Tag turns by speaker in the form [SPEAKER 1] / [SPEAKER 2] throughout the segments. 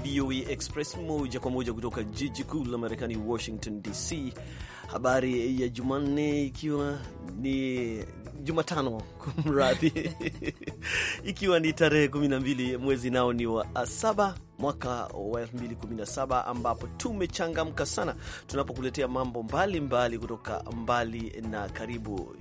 [SPEAKER 1] ni VOA e Express moja kwa moja kutoka jiji kuu la Marekani, Washington DC. Habari ya Jumanne ikiwa ni Jumatano, kumradhi ikiwa ni tarehe 12 mwezi nao ni wa saba mwaka wa 2017 ambapo tumechangamka sana tunapokuletea mambo mbalimbali mbali kutoka mbali na karibu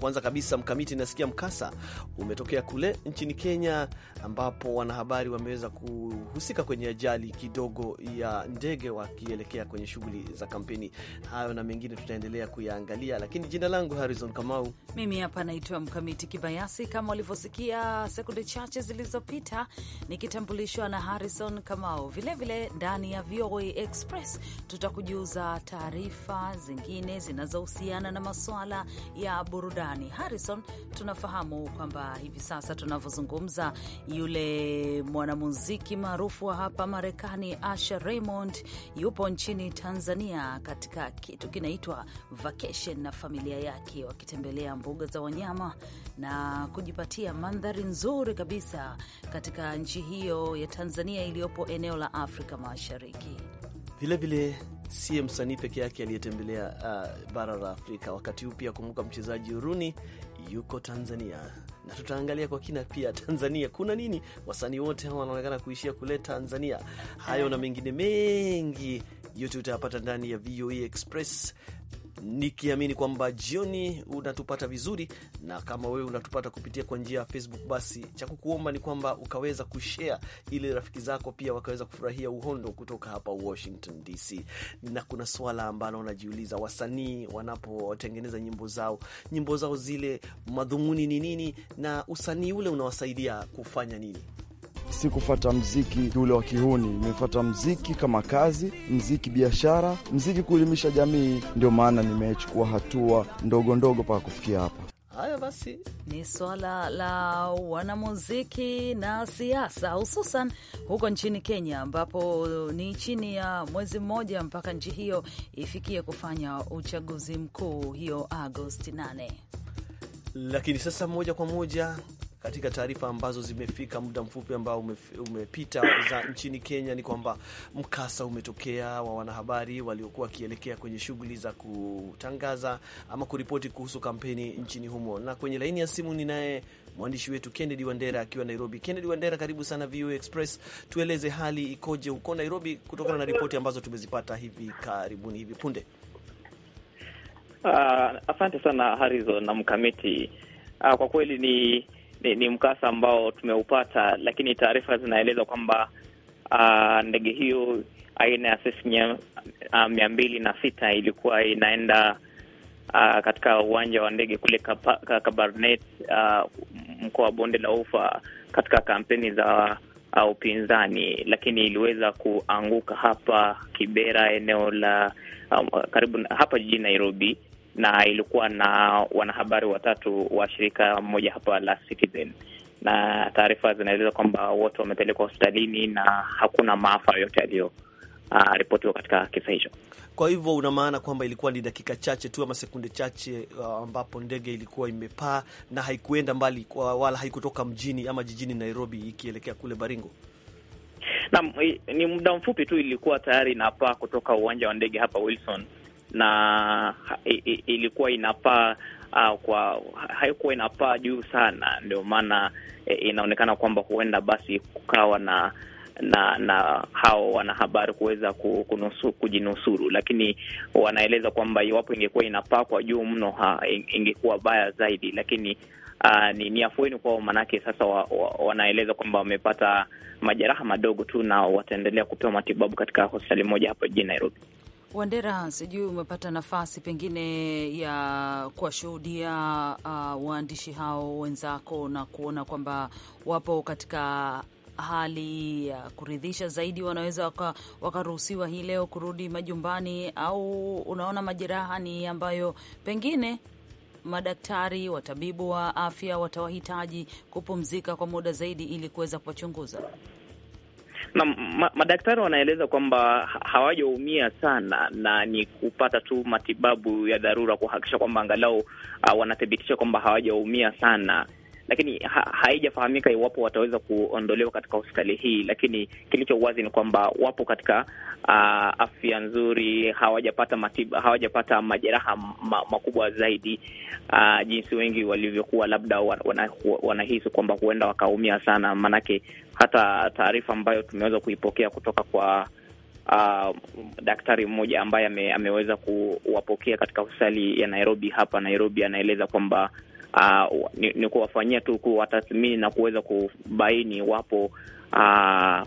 [SPEAKER 1] kwanza kabisa, Mkamiti, nasikia mkasa umetokea kule nchini Kenya, ambapo wanahabari wameweza kuhusika kwenye ajali kidogo ya ndege wakielekea kwenye shughuli za kampeni. Hayo na mengine tutaendelea kuyaangalia, lakini jina langu Harrison Kamau,
[SPEAKER 2] mimi hapa naitwa Mkamiti Kibayasi. Kama ulivyosikia sekunde chache zilizopita, nikitambulishwa na Harrison Kamau. Vilevile ndani ya VOA Express tutakujuza taarifa zingine zinazohusiana na masuala ya burudani Marekani. Harrison, tunafahamu kwamba hivi sasa tunavyozungumza, yule mwanamuziki maarufu wa hapa Marekani Asha Raymond yupo nchini Tanzania katika kitu kinaitwa vacation na familia yake, wakitembelea mbuga za wanyama na kujipatia mandhari nzuri kabisa katika nchi hiyo ya Tanzania iliyopo eneo la Afrika Mashariki.
[SPEAKER 1] Vilevile siye msanii peke yake aliyetembelea uh, bara la Afrika. Wakati huu pia kumbuka, mchezaji uruni yuko Tanzania na tutaangalia kwa kina pia Tanzania kuna nini. Wasanii wote hawa wanaonekana kuishia kule Tanzania. Hayo na mengine mengi yote utayapata ndani ya VOA e Express nikiamini kwamba jioni unatupata vizuri, na kama wewe unatupata kupitia kwa njia ya Facebook, basi cha kukuomba ni kwamba ukaweza kushare ili rafiki zako pia wakaweza kufurahia uhondo kutoka hapa Washington DC. Na kuna swala ambalo unajiuliza, wasanii wanapotengeneza nyimbo zao, nyimbo zao zile, madhumuni ni nini na usanii ule unawasaidia kufanya nini?
[SPEAKER 3] si kufata mziki ule wa kihuni, nimefata mziki kama kazi, mziki biashara, mziki kuelimisha jamii. Ndio maana nimechukua hatua ndogo ndogo mpaka kufikia hapa.
[SPEAKER 2] Hayo basi ni swala la wanamuziki na siasa, hususan huko nchini Kenya, ambapo ni chini ya mwezi mmoja mpaka nchi hiyo ifikie kufanya uchaguzi mkuu, hiyo Agosti 8.
[SPEAKER 1] Lakini sasa moja kwa moja katika taarifa ambazo zimefika muda mfupi ambao umepita za nchini Kenya ni kwamba mkasa umetokea wa wanahabari waliokuwa wakielekea kwenye shughuli za kutangaza ama kuripoti kuhusu kampeni nchini humo, na kwenye laini ya simu ninaye mwandishi wetu Kennedy Wandera akiwa Nairobi. Kennedy Wandera, karibu sana VOA Express. Tueleze hali ikoje huko Nairobi kutokana na ripoti ambazo tumezipata hivi karibuni, hivi punde.
[SPEAKER 4] Uh, asante sana Harrison na mkamiti. Uh, kwa kweli ni ni, ni mkasa ambao tumeupata, lakini taarifa zinaeleza kwamba uh, ndege hiyo aina ya sesi ah, mia mbili na sita ilikuwa inaenda uh, katika uwanja wa ndege kule Kabarnet uh, mkoa wa Bonde la Ufa katika kampeni za uh, upinzani, lakini iliweza kuanguka hapa Kibera eneo la um, karibu hapa jijini Nairobi na ilikuwa na wanahabari watatu wa shirika moja hapa la Citizen, na taarifa zinaeleza kwamba wote wamepelekwa hospitalini na hakuna maafa yoyote yaliyo Uh, ripotiwa katika kisa hicho.
[SPEAKER 1] Kwa hivyo una maana kwamba ilikuwa ni dakika chache tu ama sekunde chache ah, ambapo ndege ilikuwa imepaa na haikuenda mbali kwa, wala haikutoka mjini ama jijini Nairobi ikielekea kule Baringo.
[SPEAKER 4] Naam, ni muda mfupi tu ilikuwa tayari inapaa kutoka uwanja wa ndege hapa Wilson na ilikuwa inapaa uh, kwa haikuwa inapaa juu sana, ndio maana e, inaonekana kwamba huenda basi kukawa na na na hao wanahabari kuweza kunusu, kujinusuru, lakini wanaeleza kwamba iwapo ingekuwa inapaa kwa juu mno ha, ingekuwa baya zaidi, lakini Uh, ni, ni afueni kwao, maanake sasa wa, wa, wanaeleza kwamba wamepata majeraha madogo tu na wataendelea kupewa matibabu katika hospitali moja hapa jijini Nairobi.
[SPEAKER 2] Wandera, sijui umepata nafasi pengine ya kuwashuhudia uh, waandishi hao wenzako na kuona kwamba wapo katika hali ya uh, kuridhisha zaidi, wanaweza wakaruhusiwa waka hii leo kurudi majumbani, au unaona majeraha ni ambayo pengine madaktari watabibu wa afya watawahitaji kupumzika kwa muda zaidi ili kuweza kuwachunguza?
[SPEAKER 4] Na ma, madaktari wanaeleza kwamba hawajaumia sana na ni kupata tu matibabu ya dharura kuhakikisha kwamba angalau uh, wanathibitisha kwamba hawajaumia sana lakini ha, haijafahamika iwapo wataweza kuondolewa katika hospitali hii, lakini kilicho wazi ni kwamba wapo katika uh, afya nzuri, hawajapata hawajapata majeraha ma, makubwa zaidi uh, jinsi wengi walivyokuwa labda wanahisi wana kwamba huenda wakaumia sana, maanake hata taarifa ambayo tumeweza kuipokea kutoka kwa uh, daktari mmoja ambaye ame, ameweza kuwapokea katika hospitali ya Nairobi hapa Nairobi, anaeleza kwamba uh, ni, ni kuwafanyia tu kuwatathmini na kuweza kubaini wapo uh,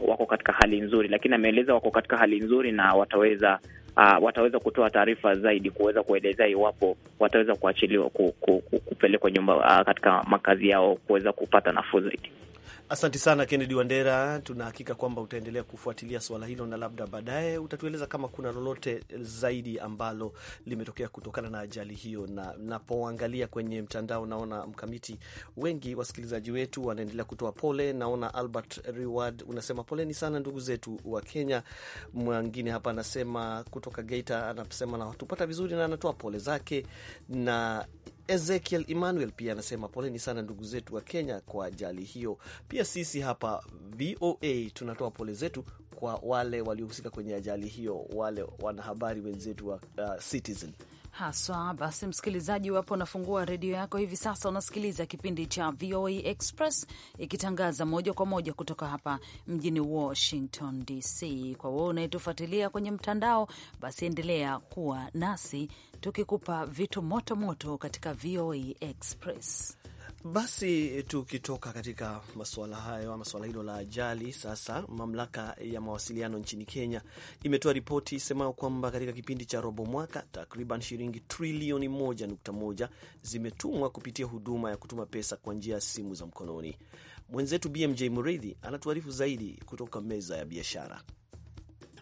[SPEAKER 4] wako katika hali nzuri, lakini ameeleza wako katika hali nzuri na wataweza Uh, wataweza kutoa taarifa zaidi kuweza kuelezea iwapo wataweza kuachiliwa ku, ku, ku, kupelekwa nyumba uh, katika makazi yao kuweza kupata nafuu zaidi. Asante
[SPEAKER 1] sana Kennedy Wandera, tuna hakika kwamba utaendelea kufuatilia suala hilo na labda baadaye utatueleza kama kuna lolote zaidi ambalo limetokea kutokana na ajali hiyo. Na napoangalia kwenye mtandao, naona mkamiti, wengi wasikilizaji wetu wanaendelea kutoa pole. Naona Albert Reward unasema poleni sana ndugu zetu wa Kenya. Mwingine hapa anasema kutoka Geita, anasema na watupata vizuri na anatoa pole zake na Ezekiel Emmanuel pia anasema poleni sana ndugu zetu wa Kenya kwa ajali hiyo. Pia sisi hapa VOA tunatoa pole zetu kwa wale waliohusika kwenye ajali hiyo, wale wanahabari wenzetu wa uh, Citizen
[SPEAKER 2] haswa. Basi msikilizaji wapo, unafungua redio yako hivi sasa, unasikiliza kipindi cha VOA Express ikitangaza moja kwa moja kutoka hapa mjini Washington DC. Kwa wewe unayetufuatilia kwenye mtandao, basi endelea kuwa nasi tukikupa vitu moto moto katika VOA Express.
[SPEAKER 1] Basi tukitoka katika masuala hayo ama suala hilo la ajali, sasa mamlaka ya mawasiliano nchini Kenya imetoa ripoti isemayo kwamba katika kipindi cha robo mwaka takriban shilingi trilioni moja nukta moja zimetumwa kupitia huduma ya kutuma pesa kwa njia ya simu za mkononi. Mwenzetu BMJ Muridhi anatuarifu zaidi kutoka meza ya biashara.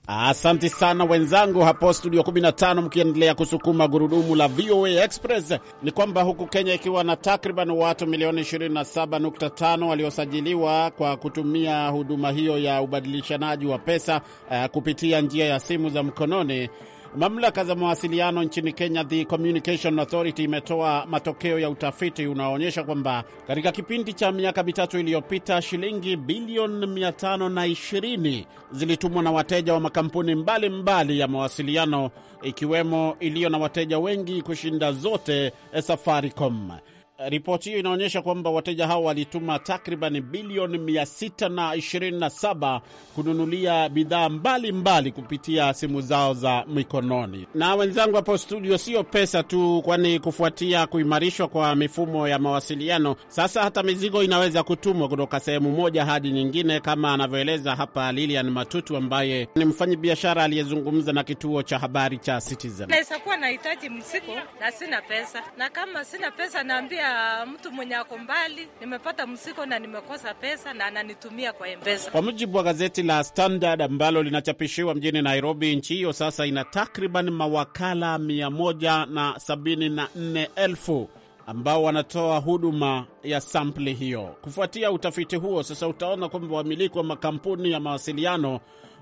[SPEAKER 5] Asante sana wenzangu hapo studio 15, mkiendelea kusukuma gurudumu la VOA Express. Ni kwamba huku Kenya ikiwa na takriban watu milioni 27.5 waliosajiliwa kwa kutumia huduma hiyo ya ubadilishanaji wa pesa uh, kupitia njia ya simu za mkononi Mamlaka za mawasiliano nchini Kenya, The Communication Authority, imetoa matokeo ya utafiti unaoonyesha kwamba katika kipindi cha miaka mitatu iliyopita shilingi bilioni 520 zilitumwa na wateja wa makampuni mbalimbali mbali ya mawasiliano, ikiwemo iliyo na wateja wengi kushinda zote eh, Safaricom. Eh, ripoti hiyo inaonyesha kwamba wateja hao walituma takriban bilioni 627 kununulia bidhaa mbalimbali kupitia simu zao za mikononi. Na wenzangu hapo studio, sio pesa tu, kwani kufuatia kuimarishwa kwa mifumo ya mawasiliano sasa hata mizigo inaweza kutumwa kutoka sehemu moja hadi nyingine, kama anavyoeleza hapa Lilian Matutu ambaye ni mfanyi biashara aliyezungumza na kituo cha habari cha Citizen.
[SPEAKER 2] Naweza kuwa nahitaji mzigo na sina pesa, na kama sina pesa naambia mtu mwenye ako mbali, nimepata msiko na nimekosa pesa na ananitumia kwa Mpesa. Kwa
[SPEAKER 5] mujibu wa gazeti la Standard ambalo linachapishiwa mjini Nairobi, nchi hiyo sasa ina takriban mawakala 174,000 ambao wanatoa huduma ya sampli hiyo. Kufuatia utafiti huo, sasa utaona kwamba wamiliki wa makampuni ya mawasiliano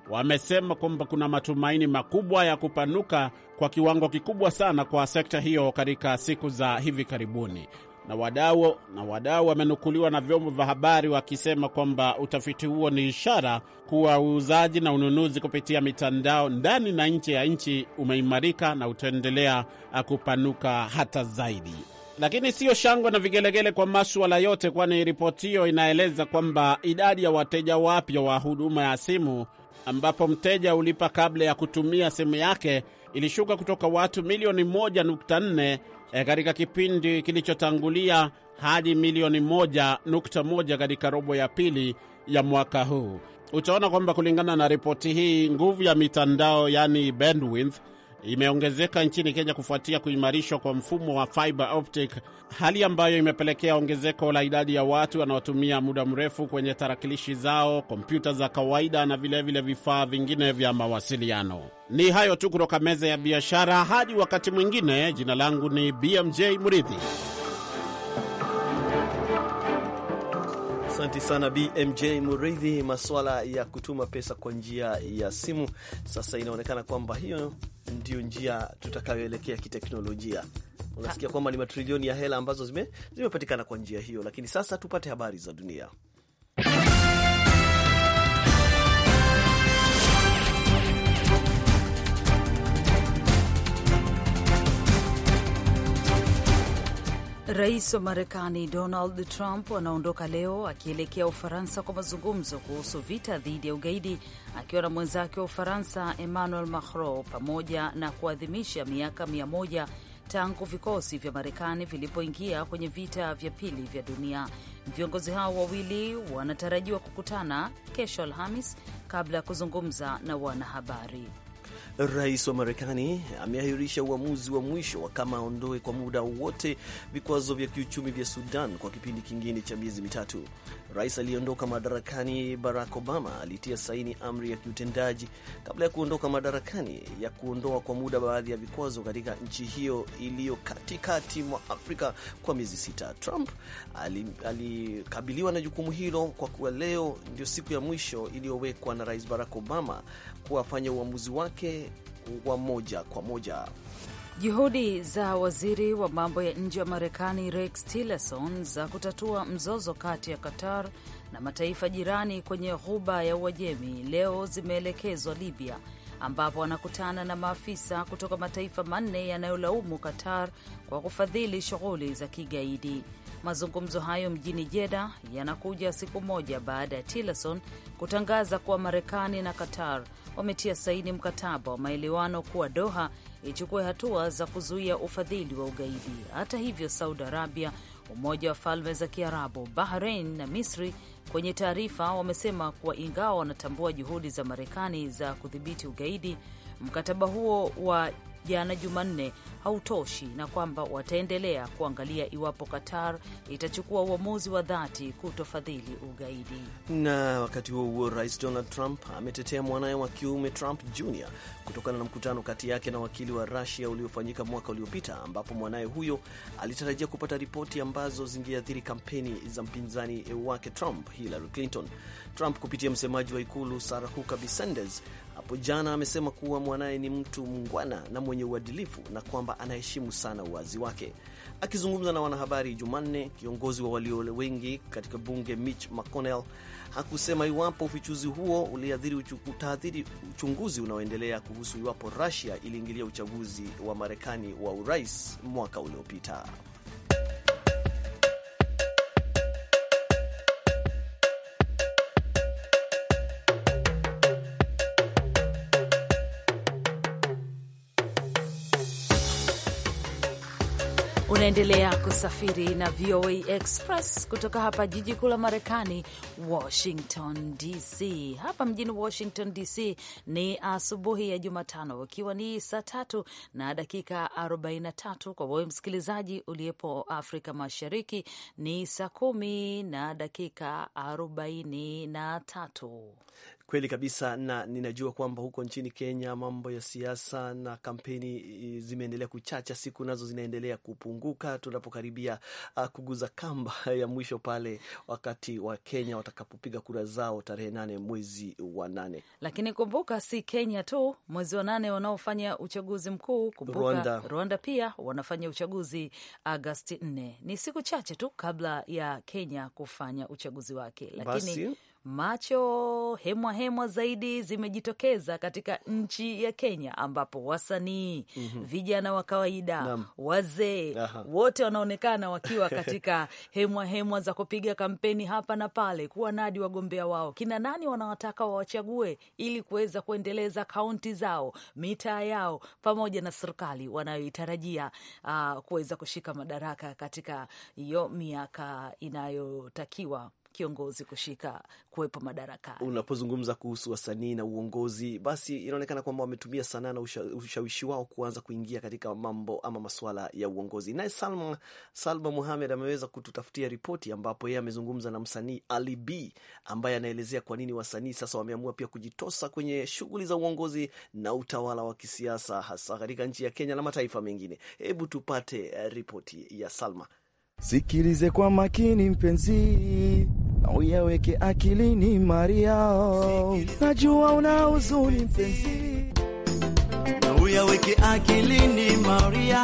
[SPEAKER 5] wamesema kwamba kuna matumaini makubwa ya kupanuka kwa kiwango kikubwa sana kwa sekta hiyo katika siku za hivi karibuni na wadau na wadau wamenukuliwa na vyombo vya habari wakisema kwamba utafiti huo ni ishara kuwa uuzaji na ununuzi kupitia mitandao ndani na nje ya nchi umeimarika na utaendelea kupanuka hata zaidi. Lakini siyo shangwe na vigelegele kwa maswala yote, kwani ripoti hiyo inaeleza kwamba idadi ya wateja wapya wa huduma ya simu ambapo mteja hulipa kabla ya kutumia simu yake ilishuka kutoka watu milioni 1.4 eh, katika kipindi kilichotangulia hadi milioni 1.1 katika robo ya pili ya mwaka huu. Utaona kwamba kulingana na ripoti hii, nguvu ya mitandao, yaani bandwidth imeongezeka nchini Kenya kufuatia kuimarishwa kwa mfumo wa fiber optic, hali ambayo imepelekea ongezeko la idadi ya watu wanaotumia muda mrefu kwenye tarakilishi zao, kompyuta za kawaida na vilevile vifaa vingine vya mawasiliano. Ni hayo tu kutoka meza ya biashara. Hadi wakati mwingine, jina langu ni BMJ Mridhi.
[SPEAKER 1] Asante sana BMJ Muridhi. Maswala ya kutuma pesa kwa njia ya simu sasa inaonekana kwamba hiyo ndio njia tutakayoelekea kiteknolojia. Unasikia kwamba ni matrilioni ya hela ambazo zimepatikana zime kwa njia hiyo, lakini sasa tupate habari za dunia.
[SPEAKER 2] Rais wa Marekani Donald Trump anaondoka leo akielekea Ufaransa kwa mazungumzo kuhusu vita dhidi ya ugaidi akiwa na mwenzake wa Ufaransa Emmanuel Macron pamoja na kuadhimisha miaka mia moja tangu vikosi vya Marekani vilipoingia kwenye vita vya pili vya dunia. Viongozi hao wawili wanatarajiwa kukutana kesho Alhamis kabla ya kuzungumza na wanahabari.
[SPEAKER 1] Rais wa Marekani ameahirisha uamuzi wa mwisho wa kama aondoe kwa muda wote vikwazo vya kiuchumi vya Sudan kwa kipindi kingine cha miezi mitatu. Rais aliyeondoka madarakani Barack Obama alitia saini amri ya kiutendaji kabla ya kuondoka madarakani ya kuondoa kwa muda baadhi ya vikwazo katika nchi hiyo iliyo katikati mwa Afrika kwa miezi sita. Trump alikabiliwa na jukumu hilo kwa kuwa leo ndio siku ya mwisho iliyowekwa na Rais Barack Obama kuwafanya uamuzi wake wa moja kwa moja.
[SPEAKER 2] Juhudi za waziri wa mambo ya nje wa Marekani Rex Tillerson za kutatua mzozo kati ya Qatar na mataifa jirani kwenye ghuba ya Uajemi leo zimeelekezwa Libya ambapo anakutana na maafisa kutoka mataifa manne yanayolaumu Qatar kwa kufadhili shughuli za kigaidi. Mazungumzo hayo mjini Jeda yanakuja siku moja baada ya Tillerson kutangaza kuwa Marekani na Qatar wametia saini mkataba wa maelewano kuwa Doha ichukue hatua za kuzuia ufadhili wa ugaidi. Hata hivyo, Saudi Arabia, Umoja wa Falme za Kiarabu, Bahrain na Misri kwenye taarifa wamesema kuwa ingawa wanatambua juhudi za Marekani za kudhibiti ugaidi, mkataba huo wa jana Jumanne hautoshi na kwamba wataendelea kuangalia iwapo Qatar itachukua uamuzi wa dhati kutofadhili ugaidi.
[SPEAKER 1] Na wakati huo huo, Rais Donald Trump ametetea mwanaye wa kiume Trump Jr kutokana na mkutano kati yake na wakili wa rasia uliofanyika mwaka uliopita, ambapo mwanaye huyo alitarajia kupata ripoti ambazo zingeathiri kampeni za mpinzani wake Trump, Hillary Clinton. Trump kupitia msemaji wa ikulu Sarah Huckabee Sanders hapo jana amesema kuwa mwanaye ni mtu mungwana na mwenye uadilifu na kwamba anaheshimu sana uwazi wake. Akizungumza na wanahabari Jumanne, kiongozi wa walio wengi katika bunge Mitch McConnell hakusema iwapo ufichuzi huo uliathiri utaathiri uchunguzi unaoendelea kuhusu iwapo Russia iliingilia uchaguzi wa Marekani wa urais mwaka uliopita.
[SPEAKER 2] Unaendelea kusafiri na VOA Express kutoka hapa jiji kuu la Marekani, Washington DC. Hapa mjini Washington DC ni asubuhi ya Jumatano, ikiwa ni saa tatu na dakika 43. Kwa wewe msikilizaji uliyepo Afrika Mashariki ni saa kumi na dakika 43
[SPEAKER 1] Kweli kabisa, na ninajua kwamba huko nchini Kenya mambo ya siasa na kampeni e, zimeendelea kuchacha, siku nazo zinaendelea kupunguka, tunapokaribia uh, kuguza kamba ya mwisho pale wakati wa Kenya watakapopiga kura
[SPEAKER 2] zao tarehe nane mwezi wa nane. Lakini kumbuka, si Kenya tu mwezi wa nane wanaofanya uchaguzi mkuu. Kumbuka Rwanda, Rwanda pia wanafanya uchaguzi Agasti nne. Ni siku chache tu kabla ya Kenya kufanya uchaguzi wake, lakini Basi macho hemwa hemwa zaidi zimejitokeza katika nchi ya Kenya, ambapo wasanii mm -hmm. vijana wa kawaida, wazee wote wanaonekana wakiwa katika hemwa hemwa za kupiga kampeni hapa na pale, kuwa nadi wagombea wao, kina nani wanawataka wawachague ili kuweza kuendeleza kaunti zao, mitaa yao, pamoja na serikali wanayoitarajia uh, kuweza kushika madaraka katika hiyo miaka inayotakiwa kiongozi kushika kuwepo madaraka.
[SPEAKER 1] Unapozungumza kuhusu wasanii na uongozi, basi inaonekana kwamba wametumia sanaa na usha, ushawishi wao kuanza kuingia katika mambo ama masuala ya uongozi. Naye Salma, Salma Muhamed ameweza kututafutia ripoti ambapo yeye amezungumza na msanii Ali B ambaye anaelezea kwa nini wasanii sasa wameamua pia kujitosa kwenye shughuli za uongozi na utawala wa kisiasa hasa katika nchi ya Kenya na mataifa mengine. Hebu tupate eh, ripoti ya Salma.
[SPEAKER 3] Sikilize kwa makini mpenzi uyaweke akilini
[SPEAKER 6] Maria, najua una huzuni mpenzi, uyaweke akilini Maria.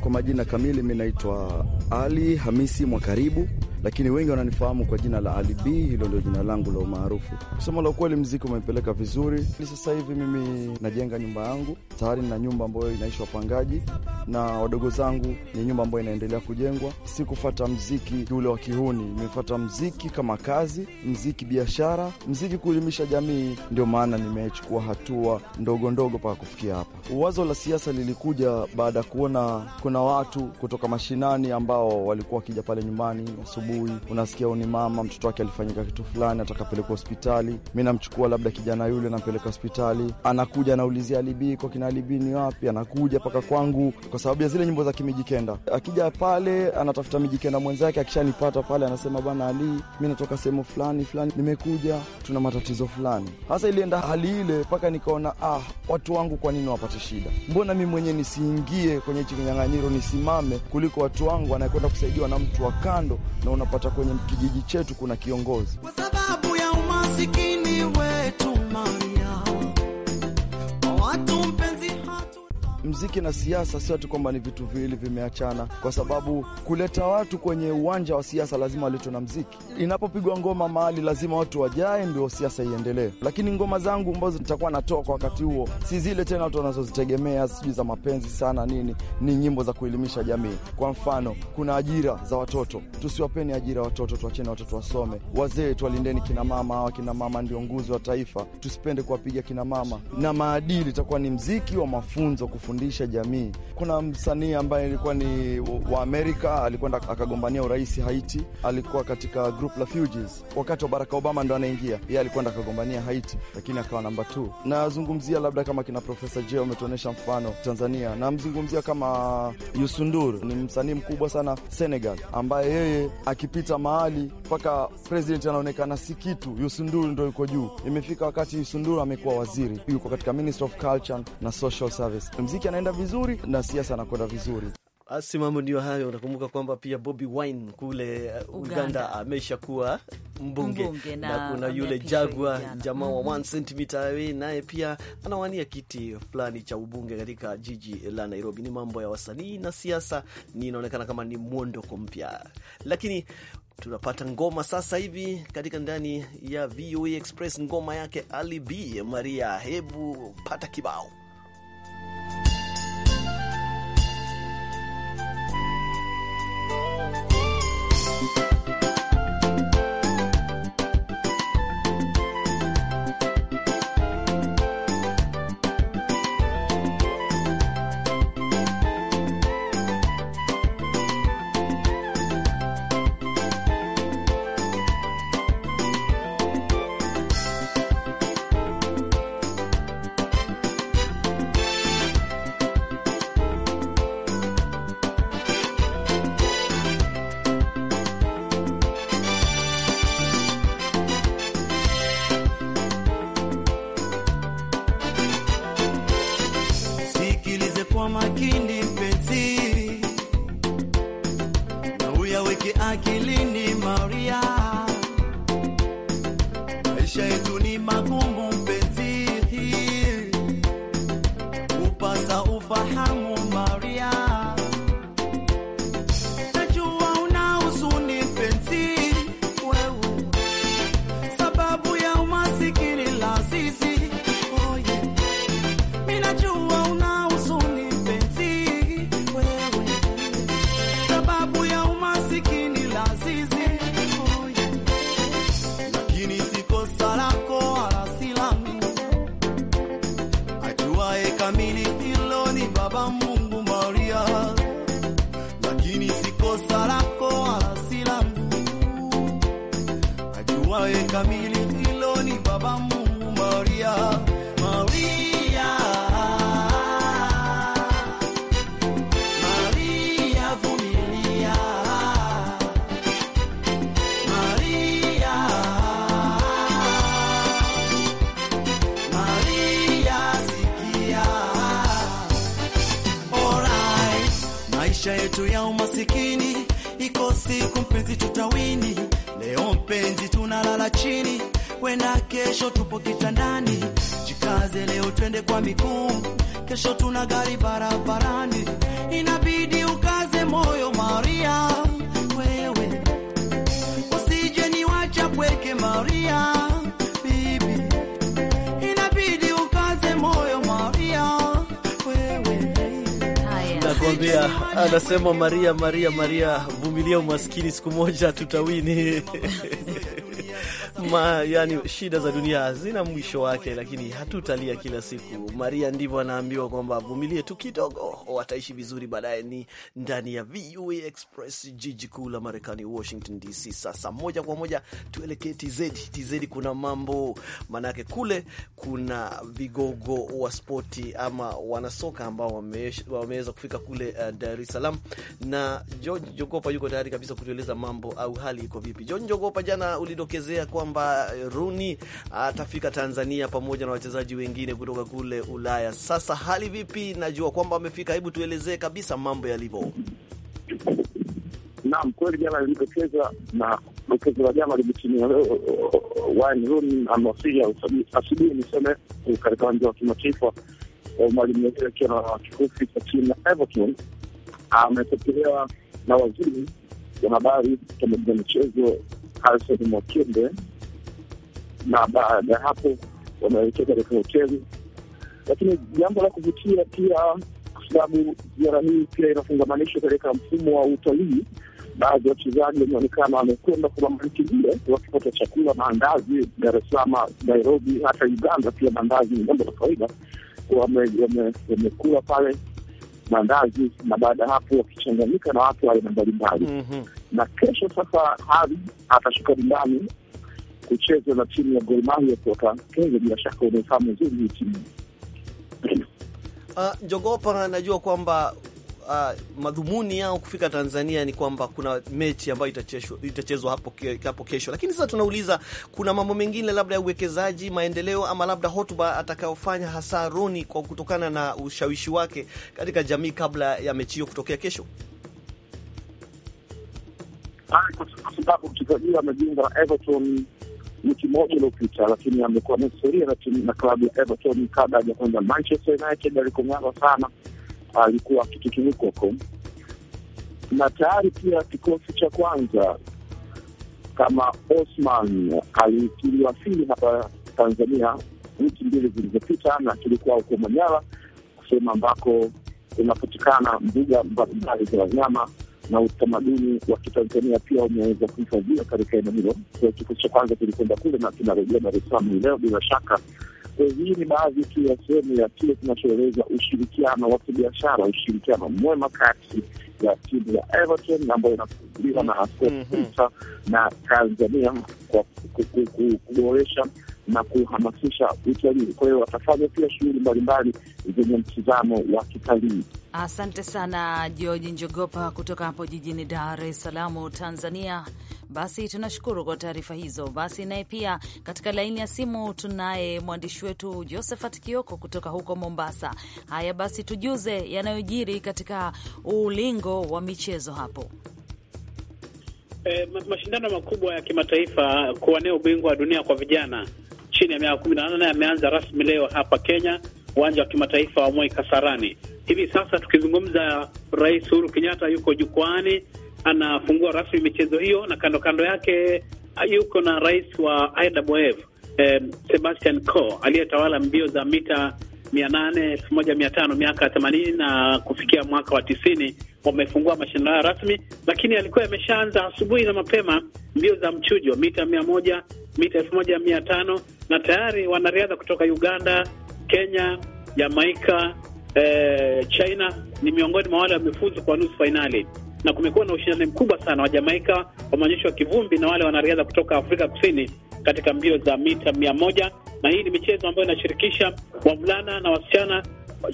[SPEAKER 3] Kwa majina kamili, mimi naitwa Ali Hamisi Mwakaribu lakini wengi wananifahamu kwa jina la Ali B. Hilo ndio jina langu la umaarufu. Kusema la ukweli, mziki umepeleka vizuri. Sasa hivi mimi najenga nyumba yangu, tayari nina nyumba ambayo inaishi wapangaji na wadogo zangu, ni nyumba ambayo inaendelea kujengwa. Sikufata mziki ule wa kihuni, nimefata mziki kama kazi, mziki biashara, mziki kuelimisha jamii. Ndio maana nimechukua hatua ndogo ndogo mpaka kufikia hapa. Wazo la siasa lilikuja baada ya kuona kuna watu kutoka mashinani ambao walikuwa wakija pale nyumbani asubuhi asubuhi, unasikia uni mama mtoto wake alifanyika kitu fulani, atakapelekwa hospitali. Mi namchukua labda kijana yule, nampeleka hospitali, anakuja anaulizia alibii kwa kina alibii ni wapi, anakuja mpaka kwangu kwa sababu ya zile nyimbo za Kimijikenda. Akija pale anatafuta Mijikenda mwenzake, akishanipata pale anasema, bana Ali, mi natoka sehemu fulani fulani, nimekuja tuna matatizo fulani. Hasa ilienda hali ile mpaka nikaona, ah, watu wangu kwa nini wapate shida? Mbona mi mwenyewe nisiingie kwenye hichi kinyang'anyiro, nisimame kuliko watu wangu anayekwenda kusaidiwa na mtu wa kando na unapata kwenye kijiji chetu kuna kiongozi mziki na siasa sio tu kwamba ni vitu viwili vimeachana, kwa sababu kuleta watu kwenye uwanja wa siasa lazima waletwe na mziki. Inapopigwa ngoma mahali, lazima watu wajae, ndio siasa iendelee. Lakini ngoma zangu ambazo nitakuwa natoa kwa wakati huo si zile tena watu wanazozitegemea, sijui za mapenzi sana nini, ni nyimbo za kuelimisha jamii. Kwa mfano, kuna ajira za watoto, tusiwapeni ajira watoto, tuacheni watoto wasome. Wazee twalindeni kinamama, hawa kinamama ndio nguzo wa taifa, tusipende kuwapiga kinamama. Na maadili itakuwa ni mziki wa mafunzo kufundisha kufundisha jamii. Kuna msanii ambaye ilikuwa ni wa Amerika, alikwenda akagombania urais Haiti, alikuwa katika group la Fugees wakati wa Barack Obama ndo anaingia, yeye alikwenda akagombania Haiti lakini akawa namba 2. Nazungumzia labda kama kina Profesa J umetuonyesha mfano Tanzania, namzungumzia kama Yusundur, ni msanii mkubwa sana Senegal, ambaye yeye akipita mahali mpaka president anaonekana si kitu, Yusundur ndo yuko juu. Imefika wakati Yusundur amekuwa waziri, yuko katika Ministry of Culture na Social Service. Mziki anaenda vizuri na siasa anakwenda vizuri.
[SPEAKER 1] Basi mambo ndio hayo. Unakumbuka kwamba pia Bobi Wine kule uh, Uganda amesha kuwa mbunge, mbunge na, na kuna yule Jagwa jamaa wa mm -hmm. naye pia anawania kiti fulani cha ubunge katika jiji la Nairobi. Ni mambo ya wasanii na siasa, ni inaonekana kama ni mwondoko mpya, lakini tunapata ngoma sasa hivi katika ndani ya VOA Express, ngoma yake Ali B Maria. Hebu pata kibao
[SPEAKER 6] maisha yetu ni magumu yetu ya umasikini, iko siku mpenzi tutawini. Leo mpenzi tunalala chini, wena kesho tupo kitandani. Jikaze leo twende kwa miguu, kesho tuna gari barabarani, inabidi ukaze moyo Maria
[SPEAKER 1] Maria anasema Maria, Maria, Maria, vumilia umaskini, siku moja tutawini. ma, yani shida za dunia hazina mwisho wake, lakini hatutalia kila siku. Maria ndivyo anaambiwa kwamba vumilie tu kidogo, wataishi vizuri baadaye. Ni ndani ya VOA Express, jiji kuu la Marekani, Washington DC. Sasa moja kwa moja tuelekee TZ. TZ kuna mambo manake, kule kuna vigogo wa spoti ama wanasoka ambao wameweza kufika kule uh, Dar es Salaam, na George Jogopa yuko tayari kabisa kutueleza mambo au hali iko vipi. George Jogopa, jana ulidokezea kwamba kwamba Rooney atafika Tanzania pamoja na wachezaji wengine kutoka kule Ulaya. Sasa hali vipi? Najua kwamba amefika, hebu tuelezee kabisa mambo yalivyo.
[SPEAKER 7] Naam, kweli jana lilipokeza na mchezo wa jama limetimia. Leo uh, Wayne Rooney amewasili asubuhi, niseme katika uwanja wa kimataifa Mwalimu Nyerere akiwa na kikosi cha timu ya Everton. Amepokelewa na waziri wa habari pamoja na michezo Harrison Mwakembe na baada ya hapo wanaelekea katika hoteli. Lakini jambo la kuvutia pia, kwa sababu ziara hii pia inafungamanishwa katika mfumo wa utalii, baadhi ya wachezaji wameonekana wamekwenda hile wakipata chakula, maandazi Dar es Salaam, Nairobi, hata Uganda pia maandazi ni jambo la kawaida, wamekula pale maandazi na baada ya hapo wakichanganyika na watu aina mbalimbali. Mhm. Na kesho sasa hari atashuka dimbani kuchezwa na timu ya Gor Mahia kutoka Kenya. Bila shaka unafahamu vizuri hii timu
[SPEAKER 1] uh, Jogopa, najua kwamba uh, madhumuni yao kufika Tanzania ni kwamba kuna mechi ambayo itachezwa itachezwa hapo, ke, hapo kesho. Lakini sasa tunauliza kuna mambo mengine labda ya uwekezaji, maendeleo ama labda hotuba atakayofanya hasa Roni kwa kutokana na ushawishi wake katika jamii kabla ya mechi hiyo kutokea kesho.
[SPEAKER 7] Kwa sababu mchezaji amejiunga na Everton wiki moja iliyopita, lakini amekuwa na historia na klabu ya Everton kabla ya kwenda Manchester United. Alikong'ana sana, alikuwa kitutunuka huko, na tayari pia kikosi cha kwanza kama Osman kiliwasili hapa Tanzania wiki mbili zilizopita, na kilikuwa huko Manyara, kusema ambako unapatikana mbuga mbalimbali za wanyama na utamaduni wa Kitanzania pia umeweza kuhifadhiwa katika eneo hilo. Kikosi cha kwanza kilikwenda kule na kinarejea Dar es Salaam hii leo bila shaka. Hii ni baadhi tu ya sehemu ya kile kinachoeleza ushirikiano wa kibiashara, ushirikiano mwema kati ya timu ya Everton ambayo inafuguliwa na Askofu Peter mm-hmm. na Tanzania kwa kuboresha na kuhamasisha utalii. Kwa hiyo watafanya pia shughuli mbalimbali zenye mtizamo wa kitalii.
[SPEAKER 2] Asante sana George Njogopa kutoka hapo jijini Dar es Salaam, Tanzania. Basi tunashukuru kwa taarifa hizo. Basi naye pia katika laini ya simu tunaye mwandishi wetu Josephat Kioko kutoka huko Mombasa. Haya basi, tujuze yanayojiri katika ulingo wa michezo hapo.
[SPEAKER 8] E, mashindano makubwa ya kimataifa kuwania ubingwa wa dunia kwa vijana chini ya miaka kumi na nane ameanza rasmi leo hapa Kenya, uwanja wa kimataifa wa Moi Kasarani. Hivi sasa tukizungumza, Rais Uhuru Kenyatta yuko jukwani, anafungua rasmi michezo hiyo, na kando kando yake ah, yuko na rais wa IAAF eh, Sebastian Coe aliyetawala mbio za mita mia nane elfu moja mia tano miaka themanini na kufikia mwaka wa tisini wamefungua mashindano hayo rasmi, lakini yalikuwa yameshaanza asubuhi na mapema, mbio za mchujo mita mia moja mita elfu moja mia tano na tayari wanariadha kutoka Uganda, Kenya, Jamaika, eh, China ni miongoni mwa wale wamefuzu kwa nusu fainali na kumekuwa na ushindani mkubwa sana. wa jamaika wameonyeshwa kivumbi na wale wanariadha kutoka Afrika Kusini katika mbio za mita mia moja na hii ni michezo ambayo inashirikisha wavulana na wasichana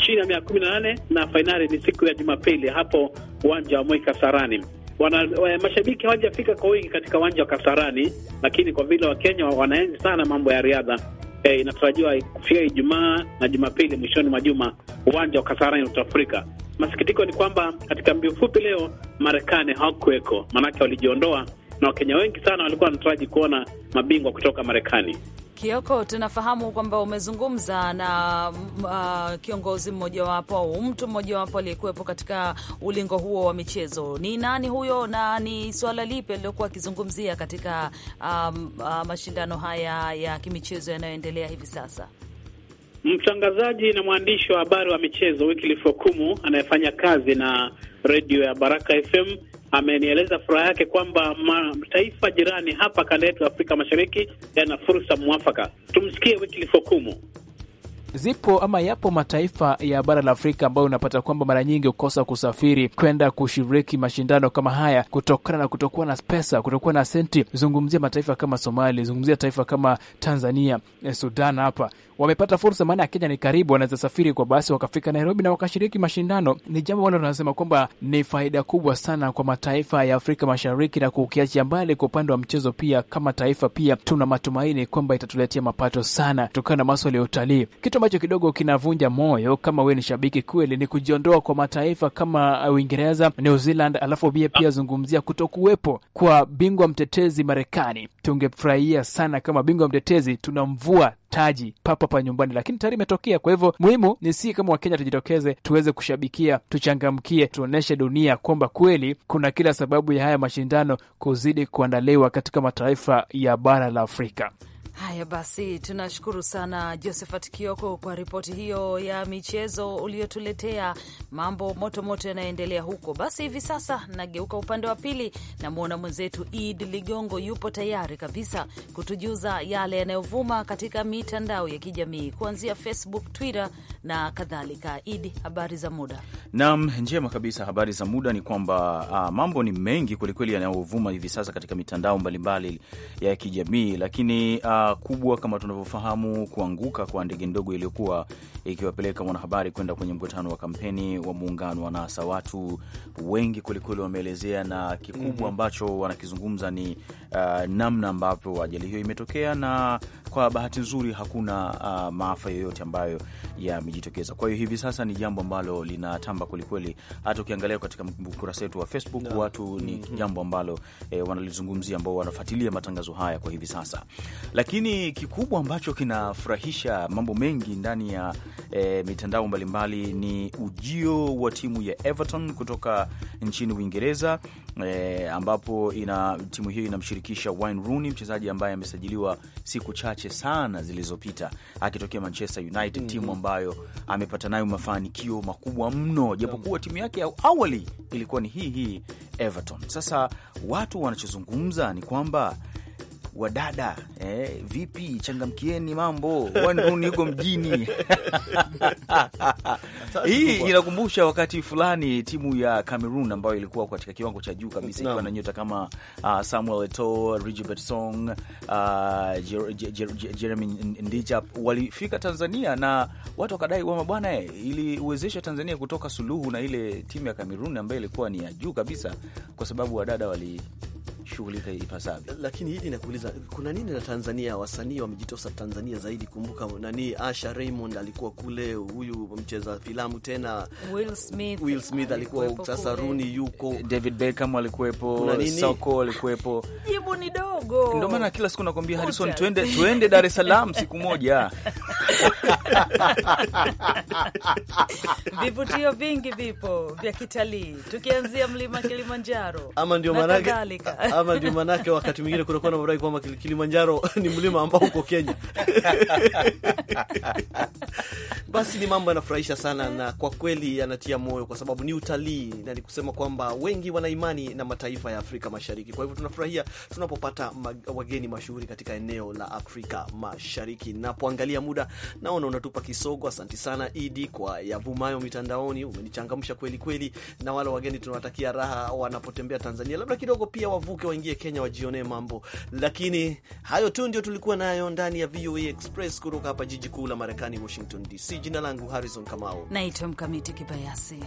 [SPEAKER 8] chini ya miaka kumi na nane na fainali ni siku ya Jumapili hapo uwanja wa Moi Kasarani. Wana, wa, eh, mashabiki hawajafika kwa wingi katika uwanja wa Kasarani, lakini kwa vile Wakenya wanaenzi sana mambo ya riadha eh, inatarajiwa kufika Ijumaa na Jumapili mwishoni mwa juma uwanja wa Kasarani utafurika. Masikitiko ni kwamba katika mbio fupi leo Marekani hawakuweko, maanake walijiondoa na Wakenya wengi sana walikuwa wanataraji kuona mabingwa kutoka Marekani.
[SPEAKER 2] Kioko, tunafahamu kwamba umezungumza na uh, kiongozi mmojawapo au mtu mmojawapo aliyekuwepo katika ulingo huo wa michezo. Ni nani huyo na ni suala lipi alilokuwa akizungumzia katika um, uh, mashindano haya ya kimichezo yanayoendelea hivi sasa?
[SPEAKER 8] Mtangazaji na mwandishi wa habari wa michezo Wycliffe anayefanya kazi na redio ya Baraka FM amenieleza furaha yake kwamba mataifa jirani hapa kanda yetu ya Afrika Mashariki yana fursa mwafaka. Tumsikie Wycliffe Okumu
[SPEAKER 9] zipo ama yapo mataifa ya bara la Afrika ambayo unapata kwamba mara nyingi hukosa kusafiri kwenda kushiriki mashindano kama haya kutokana na kutokuwa na pesa, kutokuwa na senti. Zungumzia mataifa kama Somali, zungumzia taifa kama Tanzania, eh, Sudan hapa wamepata fursa, maana ya Kenya ni karibu, wanaweza safiri kwa basi wakafika Nairobi na wakashiriki mashindano. Ni jambo ambalo tunasema kwamba ni faida kubwa sana kwa mataifa ya Afrika Mashariki na kukiachia mbali kwa upande wa mchezo. Pia kama taifa pia tuna matumaini kwamba itatuletea mapato sana kutokana na maswala ya utalii kitu ambacho kidogo kinavunja moyo kama wewe ni shabiki kweli ni kujiondoa kwa mataifa kama uh, Uingereza, New Zealand, alafu pia pia ah. zungumzia kutokuwepo kwa bingwa mtetezi Marekani. Tungefurahia sana kama bingwa mtetezi tunamvua taji papa pa nyumbani, lakini tayari imetokea. Kwa hivyo muhimu ni si kama Wakenya tujitokeze, tuweze kushabikia, tuchangamkie, tuonyeshe dunia kwamba kweli kuna kila sababu ya haya mashindano kuzidi kuandaliwa katika mataifa ya bara la Afrika.
[SPEAKER 2] Haya basi, tunashukuru sana Josephat Kioko kwa ripoti hiyo ya michezo uliotuletea. Mambo moto moto yanayoendelea huko. Basi hivi sasa nageuka upande wa pili, namwona mwenzetu Id Ligongo yupo tayari kabisa kutujuza yale yanayovuma katika mitandao ya kijamii kuanzia Facebook, Twitter na kadhalika. id habari za muda?
[SPEAKER 10] Naam, njema kabisa. Habari za muda ni kwamba uh, mambo ni mengi kwelikweli yanayovuma hivi sasa katika mitandao mbalimbali ya kijamii, lakini uh, kubwa kama tunavyofahamu, kuanguka kwa ndege ndogo iliyokuwa ikiwapeleka wanahabari kwenda kwenye mkutano wa kampeni wa muungano wa NASA. Watu wengi kwelikweli wameelezea, na kikubwa mhm. ambacho wanakizungumza ni uh, namna ambavyo ajali hiyo imetokea, na kwa bahati nzuri hakuna uh, maafa yoyote ambayo yamejitokeza. Kwa hiyo hivi sasa ni jambo ambalo linatamba kwelikweli, hata ukiangalia katika ukurasa wetu wa Facebook no. watu ni mhm. jambo ambalo eh, wanalizungumzia ambao wanafuatilia matangazo haya kwa hivi sasa, lakini lakini kikubwa ambacho kinafurahisha mambo mengi ndani ya e, mitandao mbalimbali ni ujio wa timu ya Everton kutoka nchini Uingereza e, ambapo ina, timu hiyo inamshirikisha Wayne Rooney, mchezaji ambaye amesajiliwa siku chache sana zilizopita akitokea Manchester United mm -hmm. timu ambayo amepata nayo mafanikio makubwa mno, japokuwa timu yake ya awali ilikuwa ni hii hii Everton. Sasa watu wanachozungumza ni kwamba wadada eh, vipi changamkieni mambo wanruni yuko mjini. Hii inakumbusha wakati fulani timu ya Cameroon ambayo ilikuwa katika kiwango cha juu kabisa ikiwa na nyota kama uh, Samuel Eto'o, Rigobert Song, uh, Jeremy Ndija walifika Tanzania na watu wakadai kwamba bwana, eh, iliwezesha Tanzania kutoka suluhu na ile timu ya Cameroon ambayo ilikuwa ni ya juu kabisa, kwa sababu wadada wali kushughulika ipasavyo. Lakini hili nakuuliza, kuna nini na Tanzania?
[SPEAKER 1] Wasanii wamejitosa Tanzania zaidi. Kumbuka nani, Asha Raymond alikuwa kule, huyu mcheza filamu tena Will Smith, Will Smith alikuwa sasa, Rooney yuko, David Beckham
[SPEAKER 10] alikuwepo, Soko alikuwepo.
[SPEAKER 2] Jibu ni dogo, ndio maana kila
[SPEAKER 10] siku nakwambia
[SPEAKER 1] Harrison,
[SPEAKER 2] twende twende Dar es Salaam siku moja vivutio vingi vipo vya kitalii tukianzia mlima Kilimanjaro
[SPEAKER 1] ama ndio maanake ama ndio manake wakati mwingine kunakuwa na madai kwamba Kilimanjaro ni mlima ambao uko Kenya. Basi ni mambo yanafurahisha sana na kwa kweli yanatia moyo, kwa sababu ni utalii na ni kusema kwamba wengi wana imani na mataifa ya Afrika Mashariki. Kwa hivyo tunafurahia tunapopata wageni mashuhuri katika eneo la Afrika Mashariki. Napoangalia muda naona unatupa kisogo. Asanti sana Idi kwa yavumayo mitandaoni, umenichangamsha kweli kweli, na wale wageni tunawatakia raha wanapotembea Tanzania, labda kidogo pia wavuke watoke waingie Kenya wajionee mambo. Lakini hayo tu ndio tulikuwa nayo ndani ya VOA Express kutoka hapa jiji kuu la Marekani, Washington DC. Jina langu Harrison Kamau,
[SPEAKER 2] naitwa Mkamiti Kibayasi.